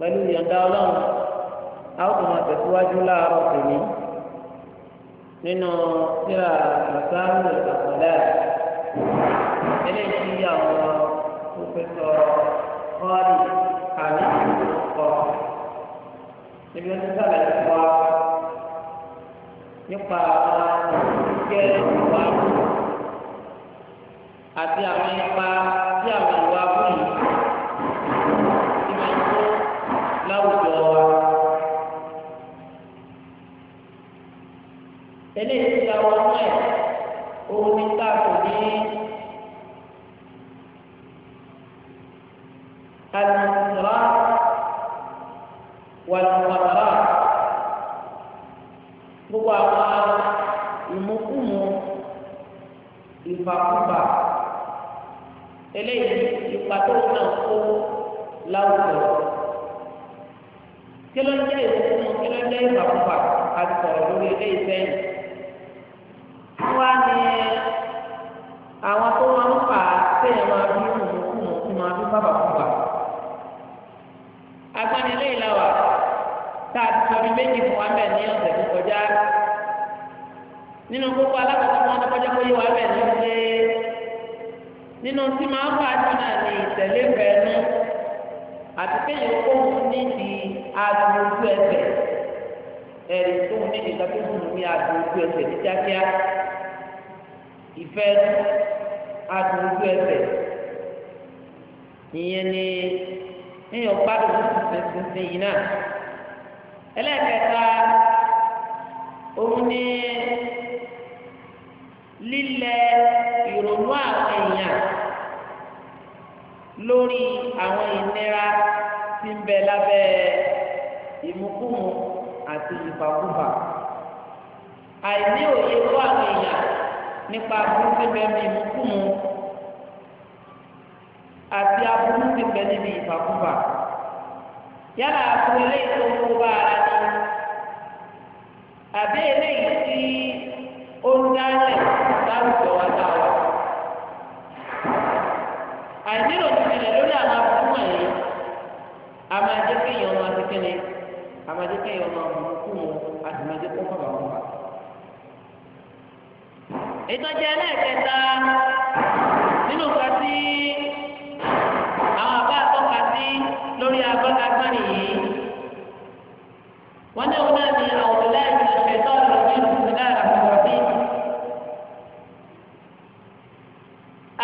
pẹ̀lú ìyọ̀ǹda ọlọ́run a ó tún máa tẹ̀síwájú láàárọ̀ tèmi nínú síra mọ̀sáàmù àkọ́dá eléyìí tí àwọn pòfẹ́sọ̀ kọ́ọ̀lì kàmí kọ́ níbi wọn ti sàlàyé fún wa nípa àwọn ìgbẹ́ ìwà àti àwọn ipa tí àwọn ìwà fún yìí. eléyìí ti àwọn ọmọ ẹ̀ òun ní káàkó ní alùpùpù wàlùpàpàrà gbogbo àwọn ìmúkùmù ìfàkùfà eléyìí ipa tó náà kó láwùjọ kí ló ń jẹ́ ìmúkùmù kí ló ń jẹ́ ìfàkùfà àti sọ̀rọ̀ lórí eléyìí sẹ́yìn. àwọn tó máa ń fà á sẹ́yìn máa bí mùmùkùmù tí máa bí bàbàkùbà. agbánilé ìlàwà tá a ti sọ bí méjì fún wa bẹ́ẹ̀ ní ọ̀sẹ̀ tó kọjá nínú gbogbo alákọ̀ọ́kọ́ tí wọ́n ti kọjá kó yé wa bẹ́ẹ̀ ní ṣe nínú tí máa ń fà á jù náà ní ìtẹ̀lé fẹ́ẹ́nu àti kéèyàn kóhun nídìí aago ojú ẹsẹ̀ ẹ̀rí kóhun nídìí ká tó ní aago ojú ẹsẹ̀ ní kíákíá ìfẹ́ adùnjú ẹsẹ̀ ìyẹn ni níyàn gbádùn sísìnsìn yìí náà ẹlẹ́ẹ̀kẹta òun ni lílẹ̀ ìrònú àwọn èèyàn lórí àwọn ìnira tí ń bẹ lábẹ́ ìmukúmu àti ìfàkùfà àìní òye fún àwọn èèyàn nípa aburú ti bẹ ní ìmúkúmu àti aburú ti bẹ níbi ìfàkúfà yálà aburú eléyìí tó kó bá ara ní àbí eléyìí tí ó ń dálẹ̀ láwùjọ wa náà wà. àìnírò ti bẹ̀rẹ̀ lórí àwọn aburú wọ̀nyí a máa jẹ́ kéèyàn máa ti kéne a máa kéèyàn máa mú kúmu àti máa jẹ́ kó fọwọ́ wọn wà. ìtọ́jú ẹlẹ́ẹ̀kẹta nínú nǹkan tí àwọn àbá àtọ́ka sí lórí agbárin yìí wọ́n ní òun náà ní àwọn ọ̀lẹ́yìn ìṣẹ̀tọ́ ìròyìn ìròyìn náà lọ́wọ́ sí.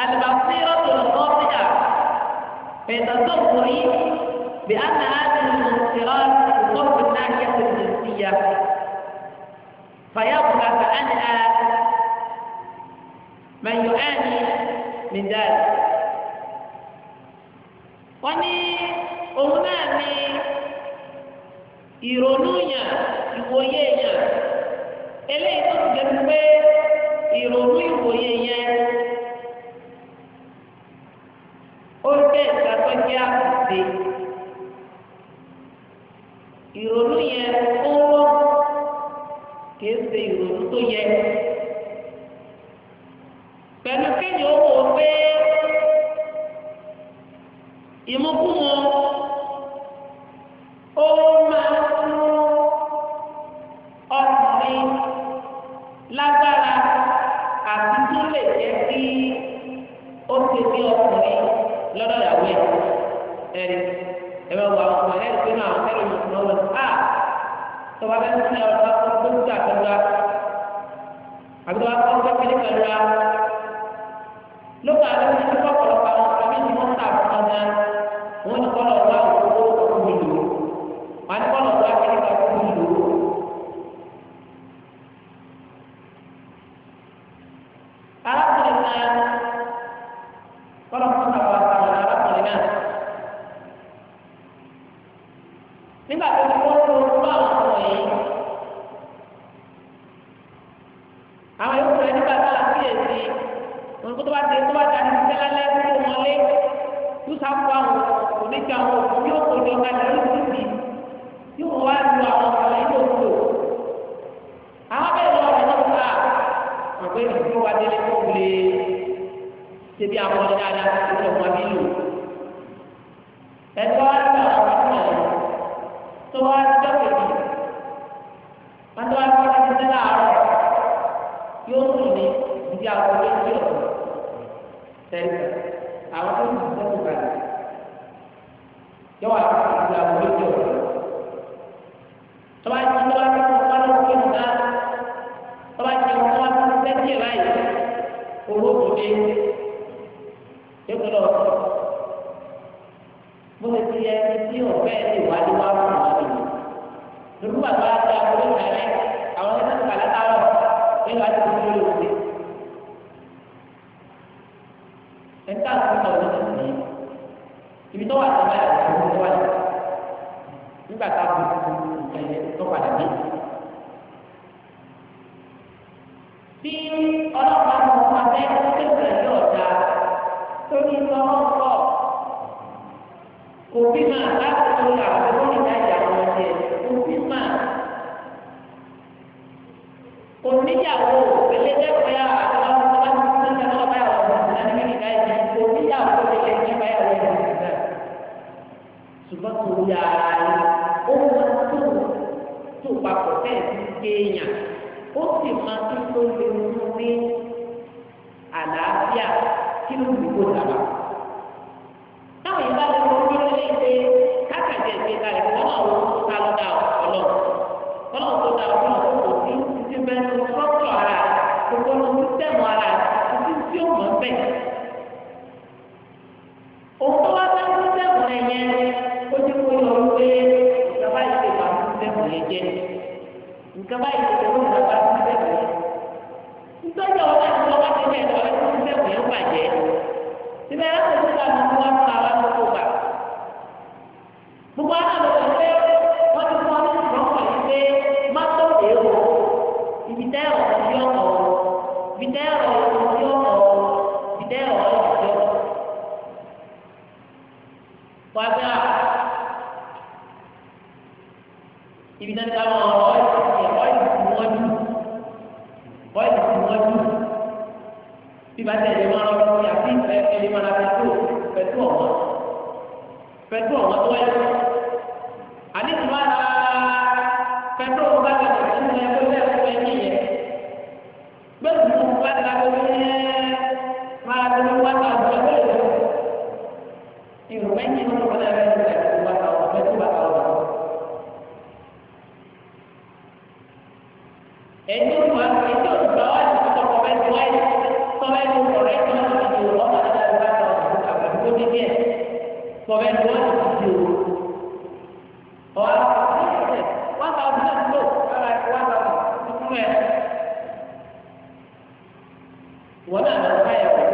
البصيرة القاطعة بتصوري بأن هذه المنكرات تصب الناحية الجنسية فيبحث عنها من يعاني من ذلك wọ́n ní òun náà ní ìrònú yàn ìwòye yàn eléyìí tó ti jẹ́ pé ìrònú ìwòye yẹn ó jẹ́ ìgbàgbọ́jẹ́ àkùdé ìrònú yẹn ó rọ́ kìí ṣe ìrònú tó yẹ kéèyàn ó wò pé ìmúkúmu àlàáfíà kí ló ń dìbò dàgbà. sọ̀rọ̀ ẹni wọ́n ti di o ọ̀rọ̀ ẹ̀ṣẹ̀ wọ́n ta ọdún náà lò ọ̀rọ̀ ẹ̀ṣẹ̀ wọ́n ta ọdún tuntun rẹ̀ wọ́n náà lọ ká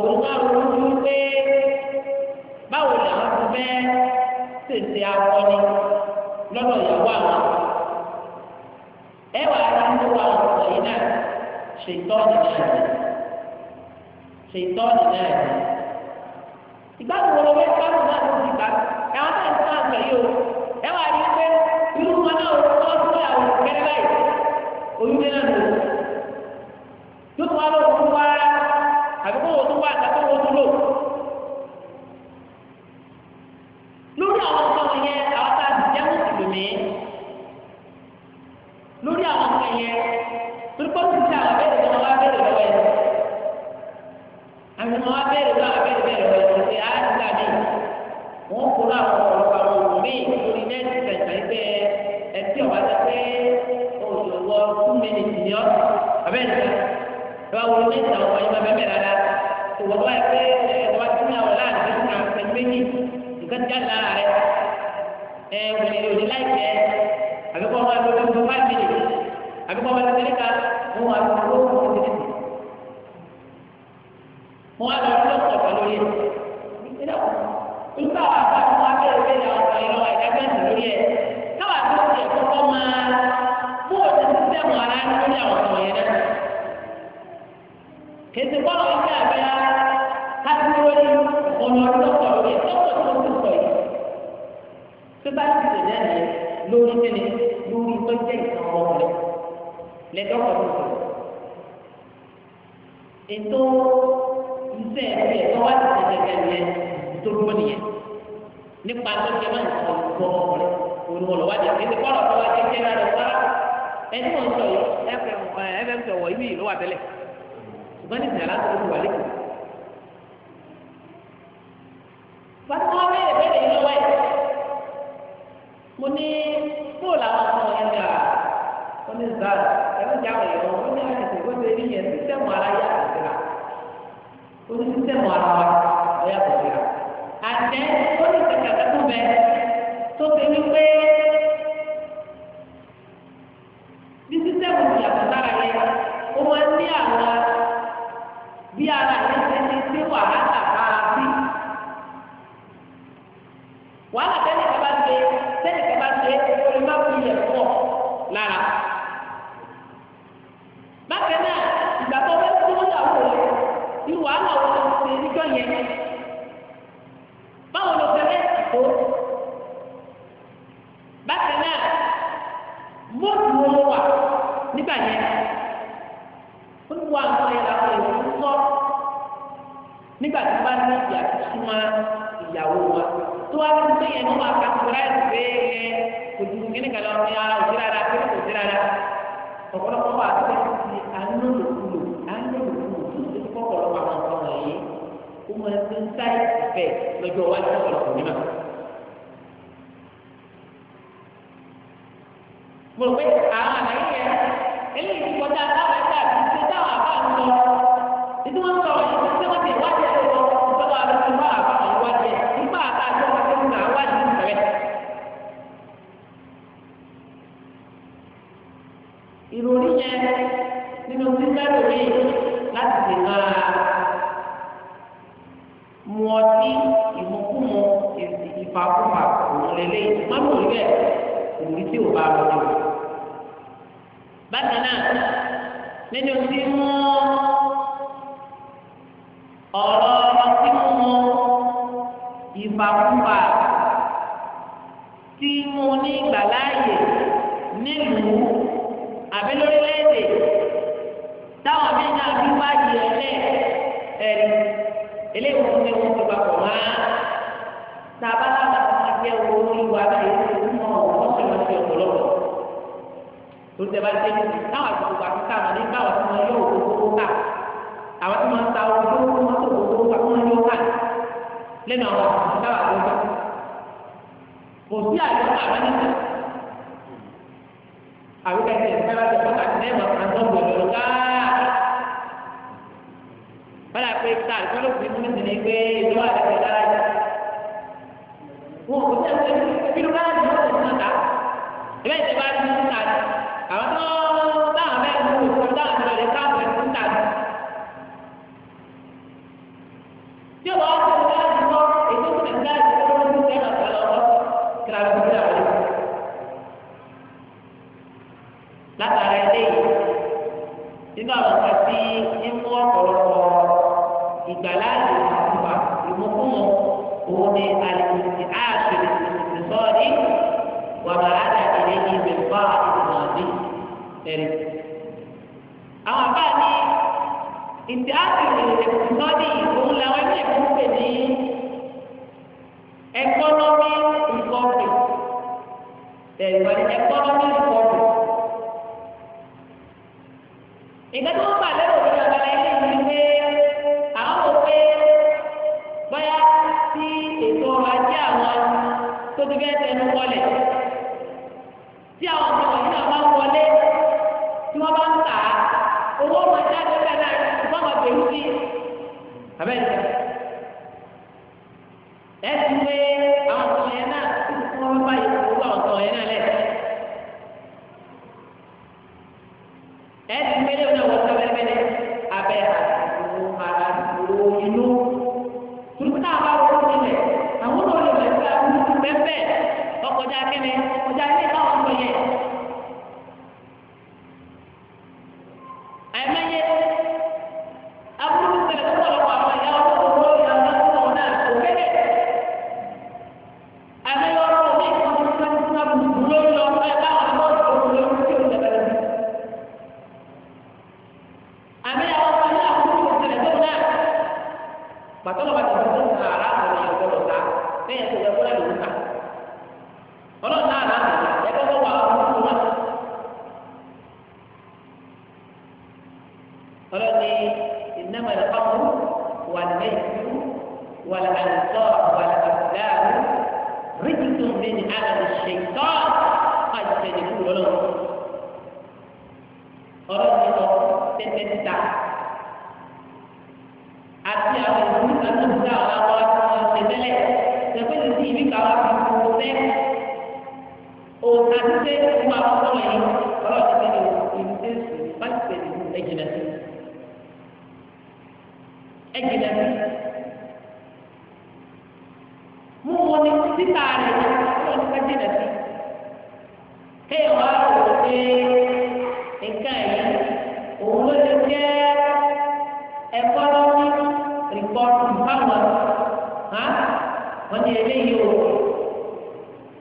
òun wá ronú pé báwo làwọn ti fẹ́ tètè akọni lọ́dọ̀ ìyàwó àwọn ẹ wà á ti wá ọ̀sán yìí náà ṣètọ́ni náà ṣètọ́ni náà ìgbàgbọ́ wọn lọ́wọ́ ìgbàgbọ́ náà ló ti gbà ẹ̀wọ̀n náà ti máa gbẹ̀yìn o ẹ wà á rí i pé irú wọn náà ó tọ́ sí àwọn òkèèrè báyìí oyún náà ló ti. àbíkó wo tó wà ìsìnkọ́nà ọ̀sẹ̀ àgbẹ̀yà kájúwérí ọ̀nà ọ̀dọ́kọ̀ lórí ẹ̀tọ́kọ̀ tó ti sọ yìí. tó bá ti sè náà yẹ lórí kíni lórí tó jẹ́ ìtàn ọmọkùnrin lẹ́dọ́kọ̀ tó sọ. ètò iṣẹ́ ẹ̀rí ẹ̀tọ́ wá ti ṣe gẹ́gẹ́ yẹn tó dúró nìyẹn nípa tó ṣe máa ń sọ ìgbọ́ ọmọkùnrin olùwọ̀lọ́wádìí ìsìnkọ́nà ọ̀sẹ̀ wá ti ṣe náà lọ sára ẹni mọ̀ ń sọ yìí ẹ̀fẹ̀ ẹ̀fẹ̀ ń sọ̀wọ̀ ibi ìlú wà tẹ́lẹ̀ ṣùgbọ́n ní ìdàlá tó ti wà lẹ́kọ̀ọ́. Fatimawa bẹ́ẹ̀ bẹ́ẹ̀ yìí lọ́wọ́ ẹ̀. Mo ní fóòlù àwọn ọmọ yẹn gbà ó ní zá ẹ̀rọ ìjà àwọn èèyàn ó ní àyẹ̀sẹ̀ ó ti rí yẹn sísẹ́mù ara yá àtẹ̀síra. Ó ní sísẹ́mù ara wa ó yá àtẹ̀síra. Àtẹ̀ ó ní kàkàkà tó bẹ tó ti ní pé bí sísẹ́mù ìyàtọ̀ sára yẹn ó máa ń ní àwọn bí ara rẹ̀ ṣe ti ṣe wàhálà máa bí. wàhálà tẹ́lẹ̀ a bá ṣe tẹ́lẹ̀ a bá ṣe orí má fi yẹ̀ pọ̀ lára. bákan náà ìgbà tó fẹ́ tó wọ́n yà wò lọ ní wàhálà wọn ṣe níjọ́ yẹn. báwo ló fẹ́ fẹ́ tó? níbi àtúntúmọ̀ ìyàwó wọn tó wá ló ń pè yẹn ní wọn àkàtúrà ìgbé ẹ ojú kíní kan lọ ní ara òsì rárá kíní kò sí rárá ọ̀pọ̀lọpọ̀ wà tó ti ànúlòkulò ànúlòkulò tó ti kọ́ ọ̀pọ̀lọpọ̀ àwọn ọ̀pọ̀ wọ̀nyí ó máa ti ń sá ìfẹ́ lọ́jọ́ wájú ọ̀pọ̀lọpọ̀ nígbà. mo rò pé àwọn àlàyé yẹn eléyìí ti kọjá táwọn ẹgbẹ́ àti ìṣe táwọn lọ ìdí wọn sọ ìṣe wọn ti wájú ẹ̀rọ ọwọ́ àdúgbò bá àbá wọn wá jẹ nígbà tá a jọ wọn tó ń gbà wá jù rẹ. ìròyìn yẹn nínú gbígbẹ́ lórí láti lè máa mu ọtí ìmọ̀kúmọ̀ ìfàkùfà òun lélẹ́yìn má lórí tí ò bá lọ́wọ́. bákan náà nínú tí wọ́n ọ̀rọ̀ ìfàkùfà tí mo ní ìgbàláàyè nílùú àbí lórílẹ̀-èdè táwọn bí náà bí wá di ẹlẹ́ ẹ̀rí eléyìí fún mi wọ́n ti papọ̀ mọ́ á tàbá láwọn ti jẹ́ owó ìwà báyìí fún ọ̀rọ̀ wọ́n sì lọ́ọ́ fi tó tẹ bá dé táwọn àti gbogbo àti táwọn ní báwọn tí wọ́n yọ kókó ká àwọn tí wọ́n ta owó tó kó mọ́tò kókó ká wọ́n yọ ká lẹ́nu àwọn ọ̀sán àgbọ̀dọ̀ kò sí àjọ àbájáde àwíkẹ́sì ẹ̀fẹ́ bá ti pọ́tà ní ẹ̀mọ̀ àtọ́gbọ̀n lọ́wọ́ káà wọ́n yà pé ká àlùkò ló fi mú mi ní pé ìjọba àti ẹ̀ka láyé wọn kò tẹ̀ ṣe kí ló bá yà lọ́wọ́ tó ń ta ẹ̀fẹ́ ìjọba ti ń ta àwọn tó táwọn bẹ́ẹ̀ ń kó táwọn ti lọ lè káàpọ̀ ẹ̀ ń ta gbọ́dọ̀. wo inú tùrùkú náà bá wọ́n nílẹ̀ àwọn olóòlù rẹ̀ fẹ́ fẹ́ ọkọjá kẹ́ni ọjà ilé táwọn sọ yẹ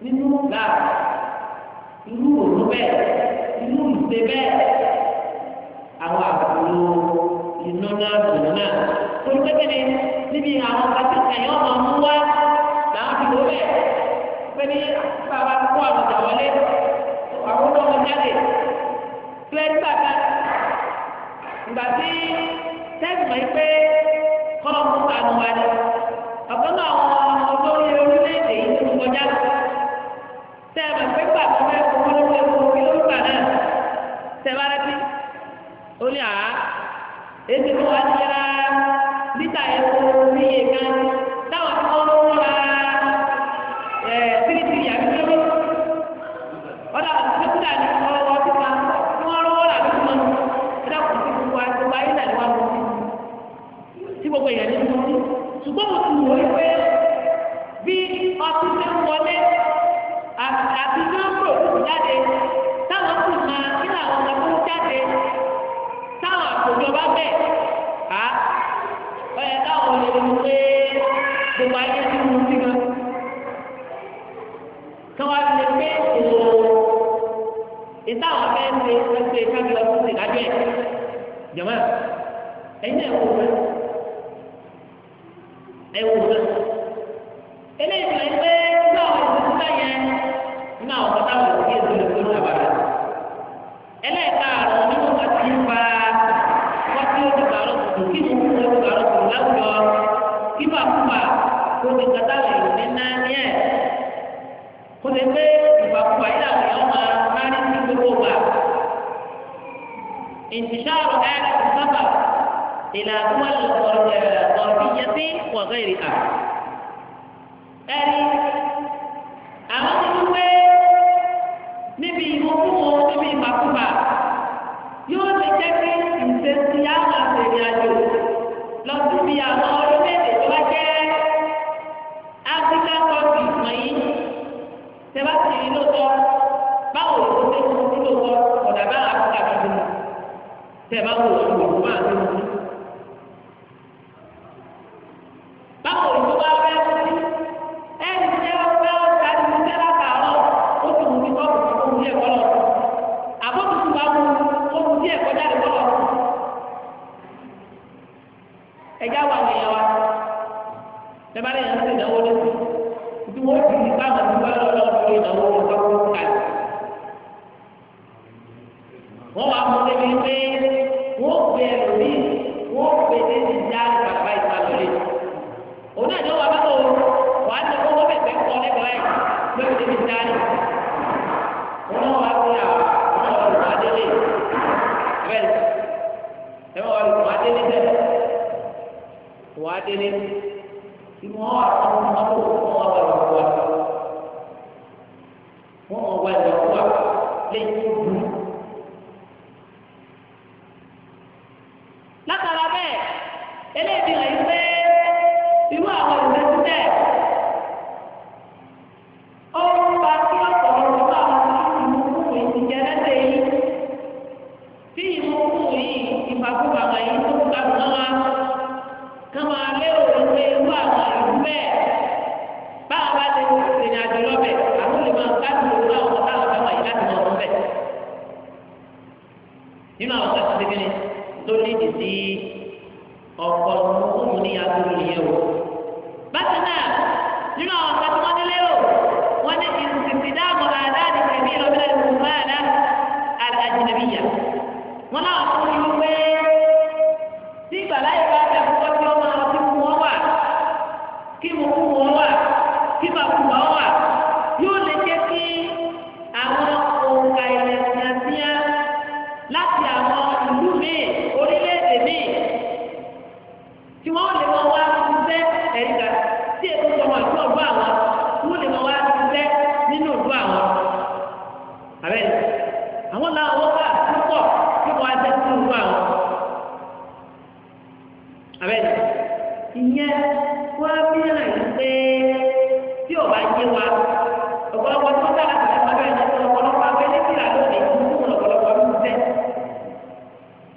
nínú gbà irú òun bẹ́ẹ̀ irú ìṣe bẹ́ẹ̀ àwọn àbúrò iná náà dùn náà tó ń kékeré níbi àwọn akẹ́kọ̀ọ́ yẹn ọmọ mú wá làwọn fi wọ́ bẹ́ẹ̀ pé ní bàbá kó àwọn ọjà wọlé àwọn ọmọ jáde pílẹ́tì bàbá ìgbà tí sẹ́ẹ̀sì mọ̀ pé kọ́lọ́mù sànù wa ni ọ̀kan àwọn olóyè orílẹ̀-èdè yìí ti kọjá lọ mọ̀ pé gbà tó fẹ́ fowó lówó epo kí ló ń gbà náà sẹ́wárẹ́tì ó ní kan غيرها ìmọ̀ àwọn ọmọ wọn wà lọ wà wọn wà lọ wà lẹ́yìn tó burú.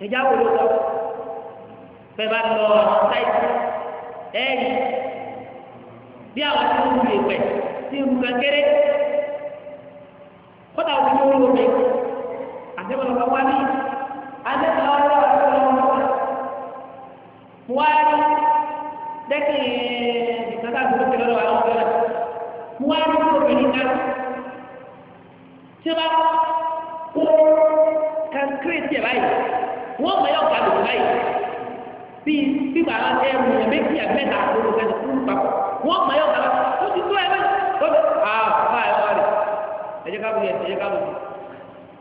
ìjà wo ló sọ bẹ́ẹ̀ bá lọ àwọn sáìtì ẹ̀yìn bí àwọn tí wọ́n lè pẹ̀ tí ń gbà kéré kọ́tà òkú tó wúlò mi àti ìbọn ọ̀gá wá ní alẹ́ tó wá lọ́wọ́ tó lọ́wọ́ lọ́wọ́ mo wá rí dẹ́kì ìkàtà àdúgbò ti lọ́wọ́ àwọn ọ̀gá rẹ̀ mo wá rí tó obìnrin kan tí wọ́n bá kó kankéré tiẹ̀ báyìí wọ́n mọ̀ yóò gbàdúrà báyìí bí bíbá ẹ mú ẹ méjì ẹ mẹ́ta lóko fẹ́ẹ́ fún papọ̀ wọ́n mọ̀ yóò gbàdúrà ó ti tó ẹ mẹ́ ó ti ah, àá bá ẹ wá rẹ̀ ẹ jẹ́ ká bọ̀ yẹn ẹ jẹ́ ká bọ̀ yẹn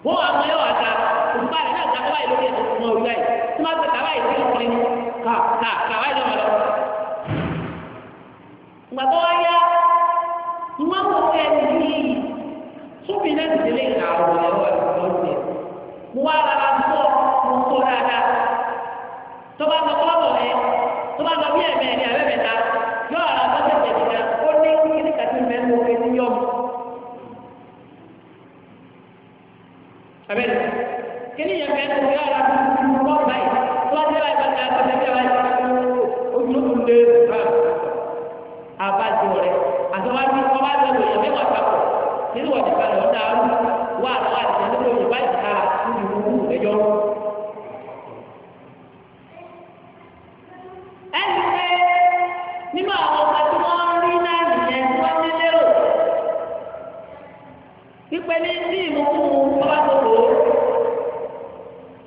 wọ́n wà mọ̀ yóò àta òkúta rẹ̀ náà gbàgbọ́ báyìí lórí ẹ̀sìn fún ọ̀rí báyìí tí wọ́n ti kàwá yìí lórí ọkùnrin ká ká kàwá yìí lọ́wọ́ lọ́wọ́ gbàgbọ́ wáyá ìwọ́n kò fẹ́ẹ́ mo wá rárá fún ọ mo kó dáadáa tó bá lọ kọ́ọ̀bọ̀ rẹ tó bá lọ bí ẹ̀mẹ́ ẹ̀mí àbẹ́bẹ̀ta yóò rárá lọ́sẹ̀ tẹ̀síta ó ní kíni kàtí mẹ́rin mo fi yọ mi. abẹ́rẹ́ kíni yẹn fẹ́ mo yọ ara mo kọ́ báyìí tó bá tẹ́lá ìgbà tá a tọ́ tẹ́lá ìgbà tó ojú ló ń lé àbájọ rẹ àtọ́wájú ọba nínú ọ̀dẹ̀ balẹ̀ ọ̀dà arú wà lọ́wọ́ àti ẹni tó lò ó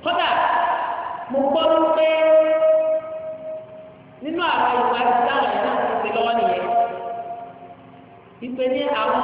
kódà mo gbọ́ wípé nínú àwọn.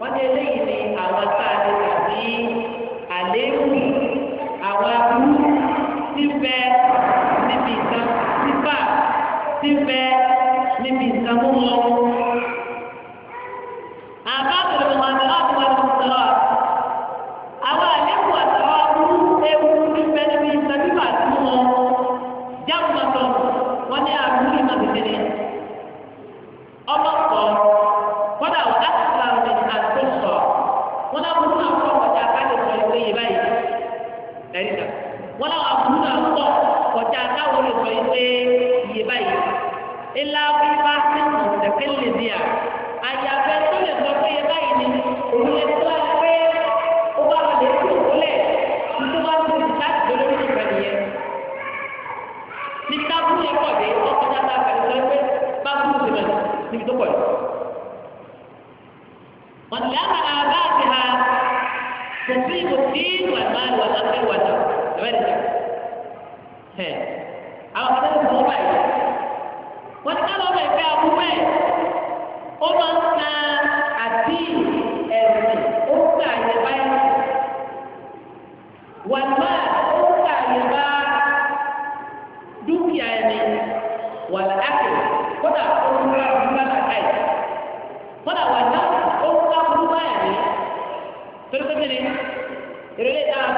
wọ́n ní eléyìí ni àwọn tá a lè kà ní àléébù àwọn aburú tí bẹ níbi ìtàn sípà tí bẹ níbi ìtàn múmọ́.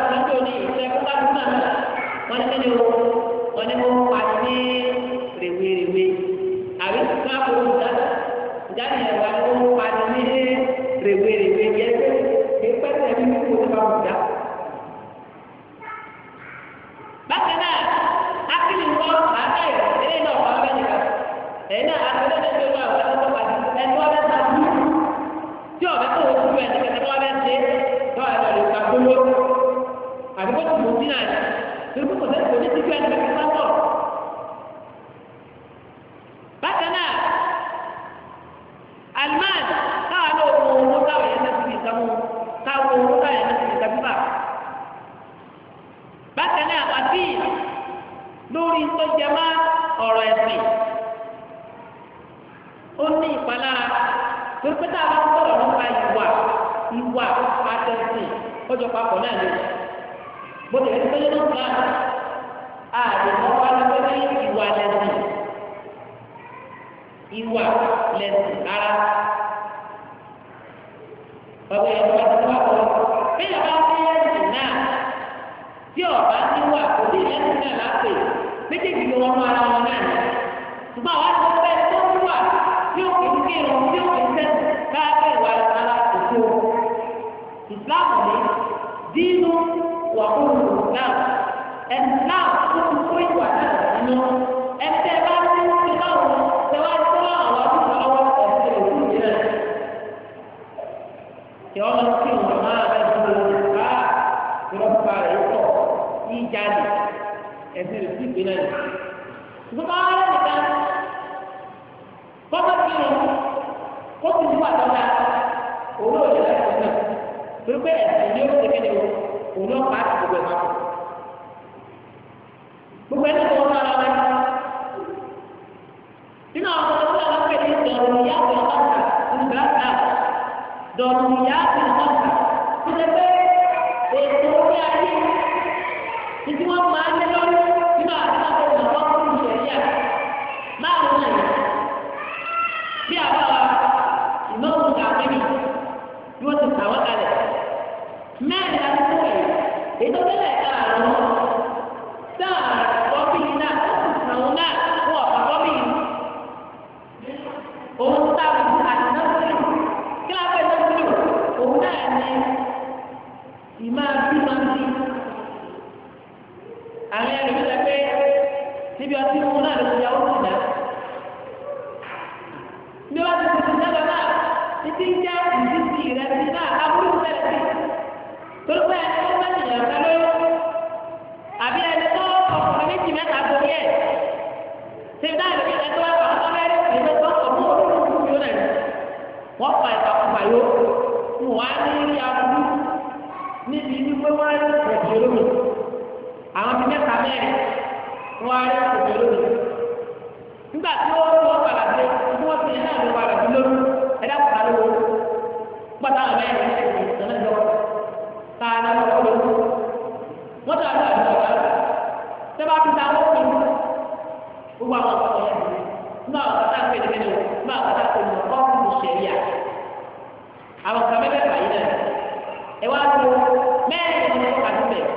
àtúntò ní ìṣe kúkà kúkà náà wọ́n ní kíni o wọ́n ní wọ́n pa ní rèwerèwe àbí kúkà kó ìdáná ìdáná yẹn wọ́n ní wọ́n pa ní rèwerèwe yẹn pé pẹ́sẹ̀ mi kò wọn á ní rí aburú níbi wípé wọn á rí ọ̀pọ̀ lómi àwọn ti mẹ́ta mẹ́rin wọn á rí ọ̀pọ̀ lómi nígbà tí wọn wọn padà dé tí wọn ti yẹn náà ló padà dé lórí ẹ̀dá padà lówó pátá àwọn mẹ́rin ní ẹgbẹ́ ìtàn náà lọ tá a náà lọ lówó wọn tó àlọ àlọ àlọ tẹ́lá ti ta wọn pẹ̀lú gbogbo àwọn ọ̀pọ̀ yẹn náà ọ̀pọ̀ tá a pè é lẹ́nu náà ọ̀pọ̀ tá a pè é lẹ́nu ọ̀pọ̀ àwọn kan mẹ́fẹ̀ẹ̀fà yìí náà ẹ wá tó mẹ́rin ní ọkọ̀ àti bẹ̀.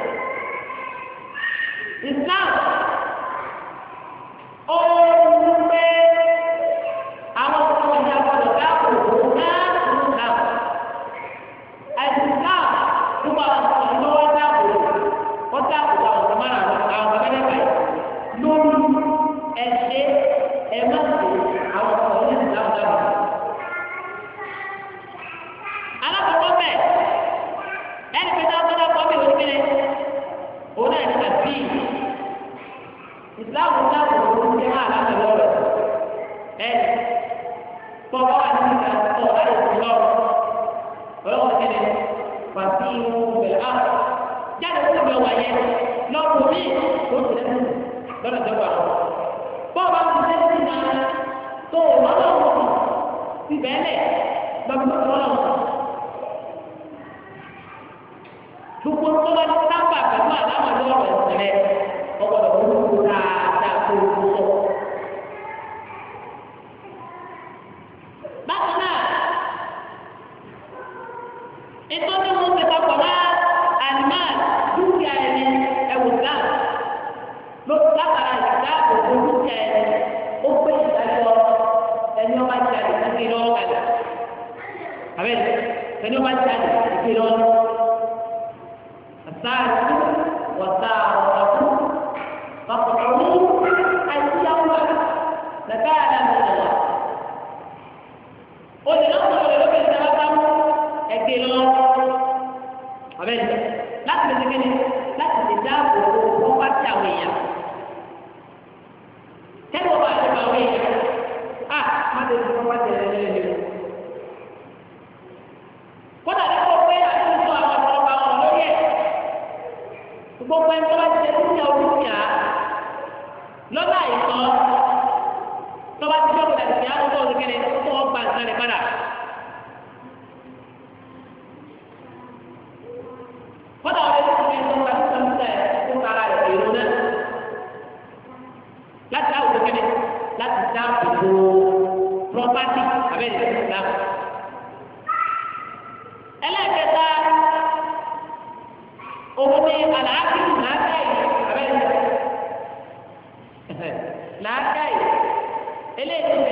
Islam ó. eléyìí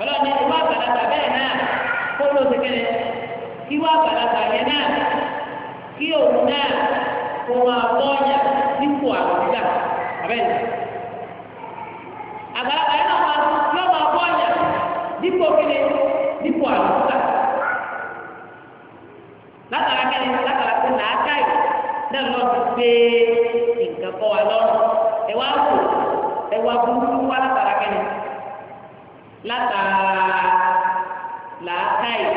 ọlọ́ni ìwà àgbàlagbà bẹ́ẹ̀ náà kó ló ti kẹ́lẹ́ kí ìwà àgbàlagbà yẹn náà kí òun náà kó máa wọ́ọ̀yà nípò àgbàlagbà abẹ́ẹ̀ àgbàlagbà yẹn náà máa yọ máa wọ́ọ̀yà dípò kíni dípò àgbàlagbà látara kẹ́ni látara pé làákàyè náà lọ́ọ́ ti gbé nǹkan kọ́ wa lọ́rùn ẹ wá wò ẹ wá burúkú wá látara kẹ́ni látara làákàyè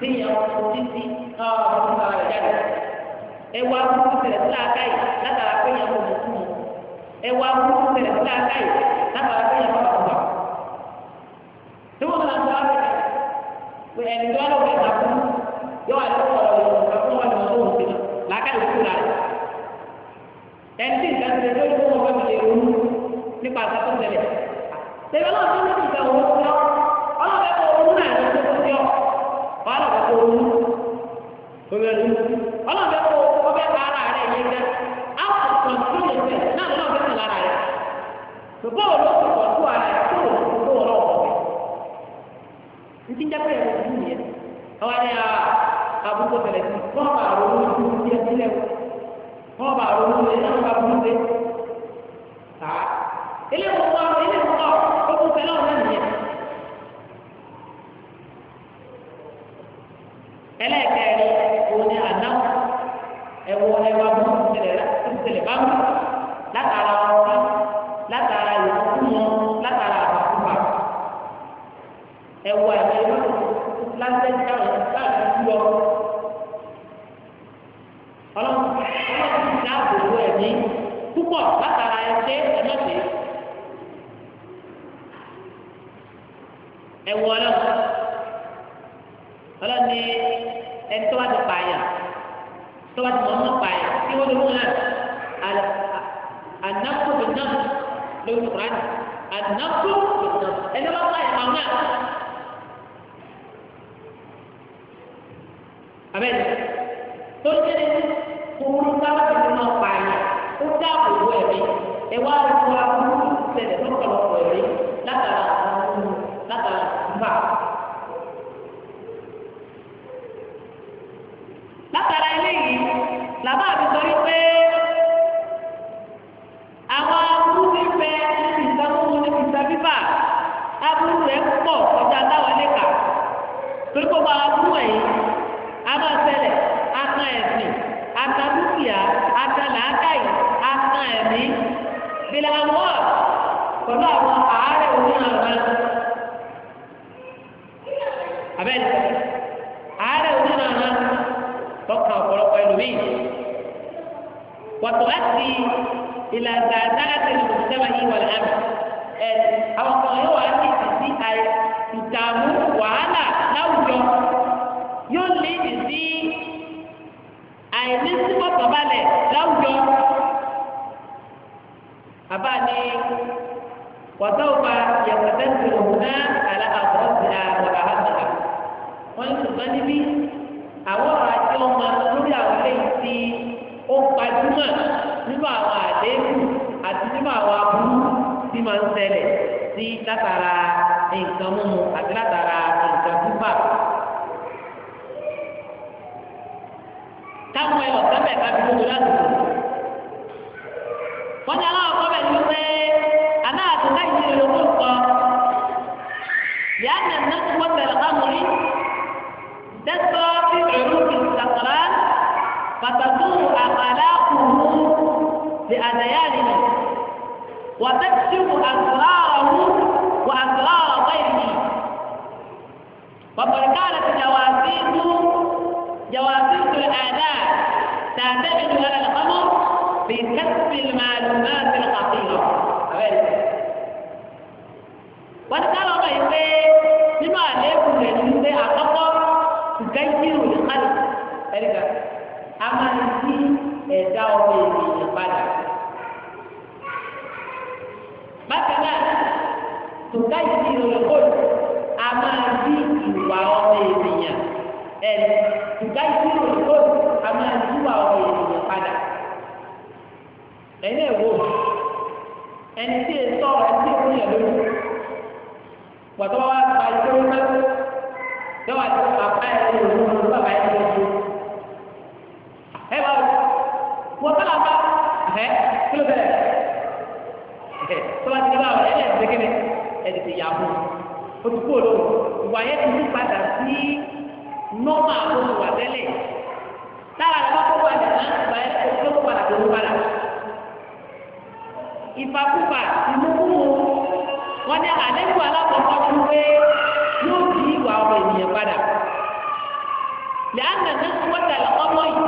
téèyàn fún títí ọ̀rọ̀ fún ara rẹ̀ jáde ẹ wá fún tẹ̀lẹ̀ sí làákàyè látara péyàn fún òkú mu ẹ wá fún tẹ̀lẹ̀ sí làákàyè látara péyàn fún àkùbà tí wọ́n náà sọ wáyé pé ẹni tó wà lóko ẹ̀ka fún yọ wà lóko ọ̀rọ̀ yìí ọ̀rọ̀ fún wọn ni wọ́n tó ń sinmi làákàyè kúrò rẹ̀ ẹni tí nǹkan ti rẹ̀ lórí fún wọn fẹ́ mi lè ronú nípa àgbà tó ń tẹ̀lé. Tẹ̀lé náà tó ń tẹ̀lé ìgbà òun ti ọ́. Ọlọ́run ẹ̀kọ́ òun náà ló ń tẹ̀lé ọ́. Wàhálà kọ̀ọ̀kọ̀ òun. Bẹ́ẹ̀ ni. Ọlọ́run ẹ̀kọ́ ọbẹ̀ ká ara rẹ̀ yẹn gẹ́. Àwọn kọ̀ọ̀tún lè fẹ́ náà lọ́wọ́ bẹ́ẹ̀ lára rẹ̀. Bàbá òun ló kọ̀ọ̀tún ara rẹ̀ tó òun lọ́wọ́ bẹ́ẹ̀. Ntí ń jápẹ́ yẹn ló ń yẹ. Àwọn ẹ̀yà àbúkọ tẹ̀lẹ̀ sí. Wọ́n bá àwọn olóyún ti ẹ̀ sílẹ̀. Wọ́n bá àwọn olóyún ilé ìwòkọ́ ilé ìwòkọ́ ó tún fẹ́ lọ́wọ́ náà nìyẹn. ẹlẹ́ẹ̀kẹ́rin òun ni àdáwọ̀ ẹ̀wọ̀ ẹ̀wà bú ìṣẹ̀lẹ̀ bá mú látara ọtí látara ìfúnmọ́ látara àbàkùbà ẹ̀wọ̀ ẹ̀wọ̀ ẹ̀wọ̀ lásìkò táwọn táwọn ń lọ. ọlọ́run ọlọ́run ti dáàbò bo ẹ̀mí púpọ̀ látara ẹ̀ṣẹ̀ ẹ̀mọ́tẹ́. ẹwọ ọlọ́run ọlọ́run ní ẹni tó bá ti pààyàn tó bá ti mọ ọmọ pààyàn tí wọn lòun náà ànákó ló náà lórí kuran ànákó ló náà ẹni wọn pààyàn àwọn náà abẹ́ni tó ń tẹ́lẹ̀ kúrú báwọn ti mọ pààyàn ó dáàbò wọ ẹ̀mí ẹ̀wá ọ̀gbọ́n àbúrò ṣẹlẹ̀ lọ́pọ̀lọpọ̀ ẹ̀mí látara. rẹ̀ pọ̀ kọjá táwọn ilé kà torí kó bá burú ẹ̀yìn a máa ṣẹlẹ̀ akan ẹ̀sìn akan dúkìá akan làákàyè akan ẹ̀mí bílẹ̀ àwọn pẹ̀lú àwọn àárẹ̀ òmìnira rẹ̀ abẹ́lẹ̀ àárẹ̀ òmìnira rẹ̀ tọ́ka ọ̀pọ̀lọpọ̀ ẹlòmíì wàtò láti ìlànà àdáhàtẹ̀ ìlú sẹ́wà yìí wà láàbì ẹ àwọn kan yóò wá ní ìsìn sí ìdààmú wàhálà láwùjọ yóò ní ìsìn sí àìní sípọ̀kànbalẹ̀ láwùjọ. àbá ni wàtọ́wọ́pá yẹ̀wọ̀tẹ́ tó lò ná àlá àbọ̀ sí àwọn àhàmàlà wọ́n ń ṣùgbọ́n níbí àwọn ọ̀rọ̀ àti ọmọ lórí àwọn eléyìí tí ó gbajúmọ̀ nínú àwọn àdéhùn àti nínú àwọn aburú tí máa ń ṣẹlẹ̀ sí látara nǹkan mímu àti látara nǹkan púpà. káwọn ẹ lọ sábẹ̀ kábi gbogbo láti sọ. wọ́n ní aláwọ̀ kọ́bẹ̀ ní pé aláàtò láì ṣe lóko nǹkan. yàá nà ní wọ́n tẹ̀lé kámúrí. tẹ́sán fi èrú ìsàkàrà pàtàkùn àkàlà kùrù ní àdáyà nìyẹn. وتكشف أسراره وأسرار غيره وقد كانت جواسيس جواسيس الآلاء تعتمد على القمر في كسب المعلومات الخطيرة wọ́n ká lọ́wọ́ báyìí pé nínú àléébù rẹ̀ ní pé àkọ́kọ́ ṣùgbọ́n ìṣirò lè kálí ẹ̀ríkà a máa ń yí ẹ̀dá ọmọ ènìyàn padà bákan náà tòká ìdí olókòlù a máa di ìwà ọmọ ènìyàn ẹ tòká ìdí olókòlù a máa di ìwà ọmọ ènìyàn padà ẹni ẹwọ ẹni tí ètò ẹni tí èkó yẹn lójú pọtọ wa gba ìṣòro náà yọwọ àti bàbá ẹ lè wọ ọmọ bàbá ẹ lè wọ ẹ bá wọ kọlá bá ẹ kí ló bẹ̀rẹ̀ ẹ tọ́lá ti dábàá ẹ lẹ́yìn ṣẹ́kẹ́lẹ́ ẹ tètè yà fún o ti kú olóhùn ìwà yẹn ti ní padà sí nọ́ọ̀mà àwọn ìwà tẹ́lẹ̀ lára àwọn akókò àdàlà ìgbà yẹn kò tó kó padà tó ń padà ìfakúfà ìmúkúmu wọn ní àdéhùn alákọ̀ọ́kọ́ fún pé yóò di ìwà ọmọ ènìyàn padà lẹ́yìn àná náà wọ́n tẹ̀lé ọmọ yìí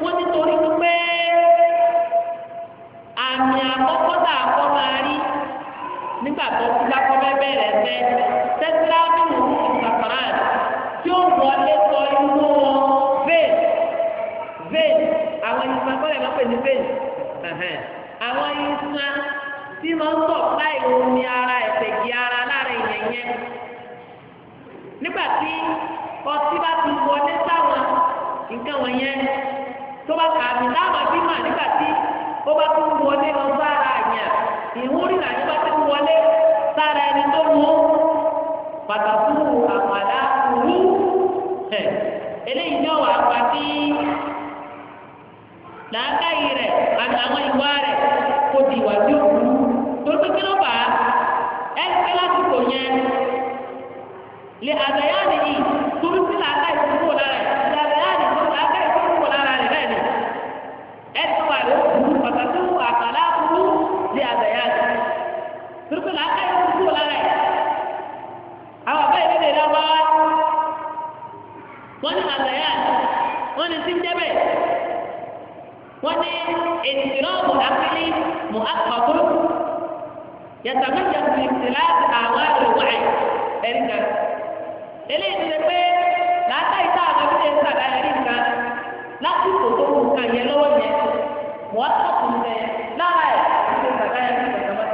wọ́n ti torí pé àmì àkọ́kọ́ tá a kọ́ máa rí nígbà tó ti lákọ́ bẹ́ẹ̀ bẹ̀rẹ̀ fẹ́ tẹ́sílá nínú ìsàkáràn tí ó wọlé sọ inú vein vein àwọn ìsàn kọ́lẹ̀ máa pè ní vein àwọn ìsàn tí máa ń sọ̀ láì omi ara ẹ̀fẹ̀gì ara lára ìyẹn yẹn nígbà tí ọtí bá ti wọlé sáwọn nǹkan wọ̀nyẹn tó bá kà á mi láwọn bí mà nígbà tí ó bá tún wọlé lọ sára àyàn ìwúrí náà yóò bá tún wọlé sára ẹni tó mú pàtàkì àmàlà òru ẹ̀ eléyìí náà wà pàtí làákàyè rẹ̀ àti àwọn ìwà rẹ̀ kò di ìwà tí ó burú torí pé kí ló fà á ẹ̀ lásìkò yẹn lè àgbẹ̀yà nìyí. làákàyè wọn kúrò lára ẹ̀ àwọn àbáyé lédè lábá wọn ní àlàyé àná wọn ní síndẹ́bẹ̀ wọn ní ètìrọ́ọ̀mù àkílí mọ̀ àkọ́kọ́ yàtàmẹ́jà fìlìpìlì láti àwọn àlùwà ẹ̀ ẹ̀rí kan eléyìí ti lè pé làákàyè tá àwọn ẹbí ń sàdá ẹ̀rí kan lásìkò tó kù yẹn lọ́wọ́ yẹn mọ̀ àkọ́kọ́ yẹn lára ẹ̀ ẹ̀rí sàdá ẹ̀rí kan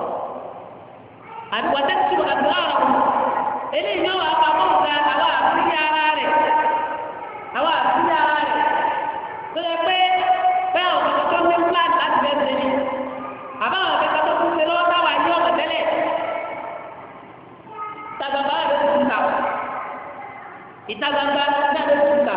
àbí wàtá tí wàá gbọ́ ọ̀rọ̀ eléyìí náà wàá pamọ́ nǹkan àwa àfúrí ara rẹ̀ àwa àfúrí ara rẹ̀ tó yẹ pé bẹ́ẹ̀ àwọn kẹ̀kẹ́ tó ní plan láti bẹ́ẹ̀ ṣe ni àbá àwọn kẹ̀kẹ́ tó kún ṣe lọ́wọ́ táwa ní ọ̀gbẹ̀ tẹ́lẹ̀ ìta ló ti ta ìta ló ti ta.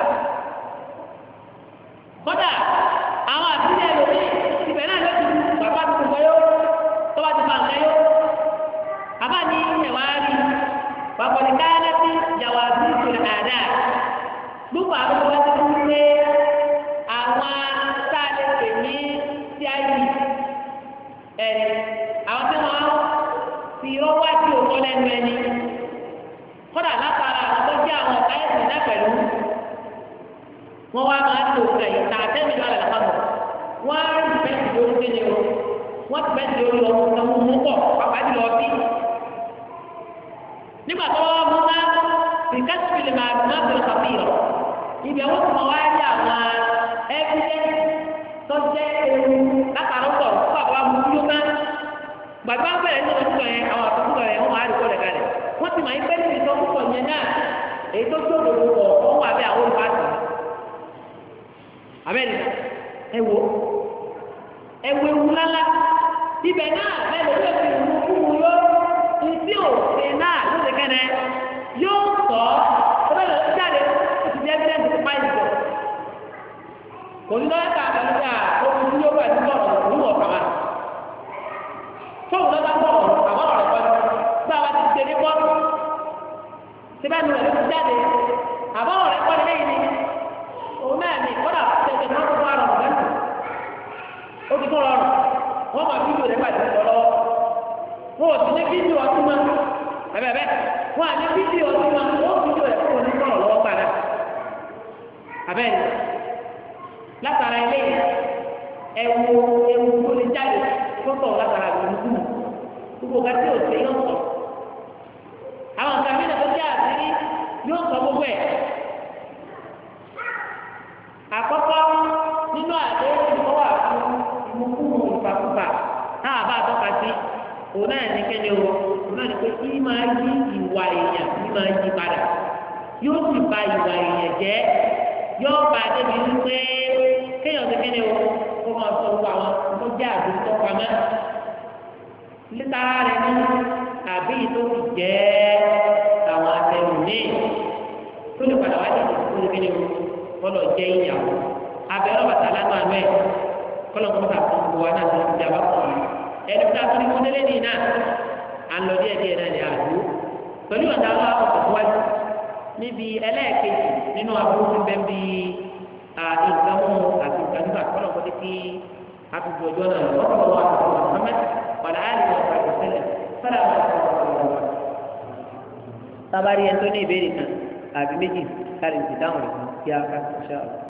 àkọ́kọ́ ti ń pé àwọn tá a lè pè ní tíáyì ẹni àwọn tí wọ́n fi ọwọ́ àti òkọ́ lẹ́nu ẹni kódà látara àwọn tó jẹ́ àwọn ọ̀tá ẹ̀sìn náà pẹ̀lú wọ́n wá máa ń lò kẹ̀ ìta àtẹ́mi lọ́la lápapọ̀ wọ́n á rí bẹ́ẹ̀sì lórí kéde o wọ́n ti bẹ́ẹ̀sì lórí ọmọ ọmọ mú pọ̀ pàpà jùlọ ọtí nígbà tó wọ́n mú náà ìkẹ́sìtì lè máa má bẹ̀rẹ̀ kàfíìrọ̀. ibẹ̀ wọ́n mọ̀ wá rí àwọn ẹ́fídẹ́ǹsì tó ewu látàrí ọ̀tọ̀ fún àbúrò amúlúlú náà gbàgbọ́ abẹ́rẹ́ ní ọdún kan yẹn àwọn kan yẹn wọ́n máa rí kọ́lẹ̀ kalẹ̀ wọ́n ti máa ń yẹn náà èyí tó tó evidence ti báyìí jọ kò ní lọ́yà káàkiri nígbà ó fi sí yóò bá ti bọ̀ ní wọ̀ọ̀kan wa tóun lọ́ba bọ̀ ọ̀rọ̀ àwọn ọ̀rọ̀ kan bá wa ti ṣe ní bọ́ọ̀lù síbẹ̀ ni rẹ̀ ti jáde àbọ̀ ọ̀rẹ́ kọ́ ni lẹ́yìn ni òun náà ni kọ́dà tẹ̀sẹ̀ ní wọ́n tó wà rọrùn lẹ́nu ó ti tó wọ́n ò sí ní fídíò ọtí mọ́ ẹ̀bẹ̀bẹ̀ wọn à ní fídíò ọtí mọ́ wọn fídíò rẹ̀ kúrò ní sọ̀rọ̀ lọ́wọ́ padà abẹ́rẹ́ látara ilé ẹ̀wù ẹ̀wù tó lè jáde fọ́tọ̀ látara ìlú gbogbo ká tí o ṣe yóò sọ àwọn nǹkan mi nàbẹ́ jẹ́ àṣírí yóò sọ gbogbo ẹ̀ àkọ́kọ́ nínú àdé ìfọwọ́ àfún ìmúkúrú ìfàkùfà náà bá a tọ́ka sí òun náà ní kẹ́lẹ́ o òun náà ní pé kí máa yí ìwà èèyàn kí máa yí padà yóò sì ba ìwà èèyàn jẹ́ yóò bá a débi wípé kéèyàn ti kéde o kó máa sọ gbogbo àwọn tó jẹ́ àdúgbò tó pamọ́ lítara rẹ̀ ní àbí tó fi jẹ́ àwọn àtẹ̀wò míì tó lè padà wá ní ìdíkó ní kéde o kọ́lọ̀ jẹ́ ìyàwó abẹ́rẹ́ bàtà lánàá àná ẹ̀ kọ́lọ̀ kọ́ bàtà fún gbogbo wa náà tó ti dàbà ẹni tó tó ní kó délé ní iná alọ́ díẹ̀ díẹ̀ náà ní àdúgbò pẹ̀lú ọ̀dà níbi ẹlẹ́ẹ̀kejì nínú àbúrò ti bẹ́ẹ̀ bí nǹkan mú àti nǹkan nígbà kọ́lọ̀ kó títí àtúntò ọjọ́ náà lọ́wọ́ lọ́wọ́ àtúntò Muhammad wàlá àlè wà pàṣẹ sẹ́lẹ̀ sábàárì ẹni tó ní ìbéèrè kan àbí méjì kárí ti dáhùn rẹ̀ kí a ká ṣáà.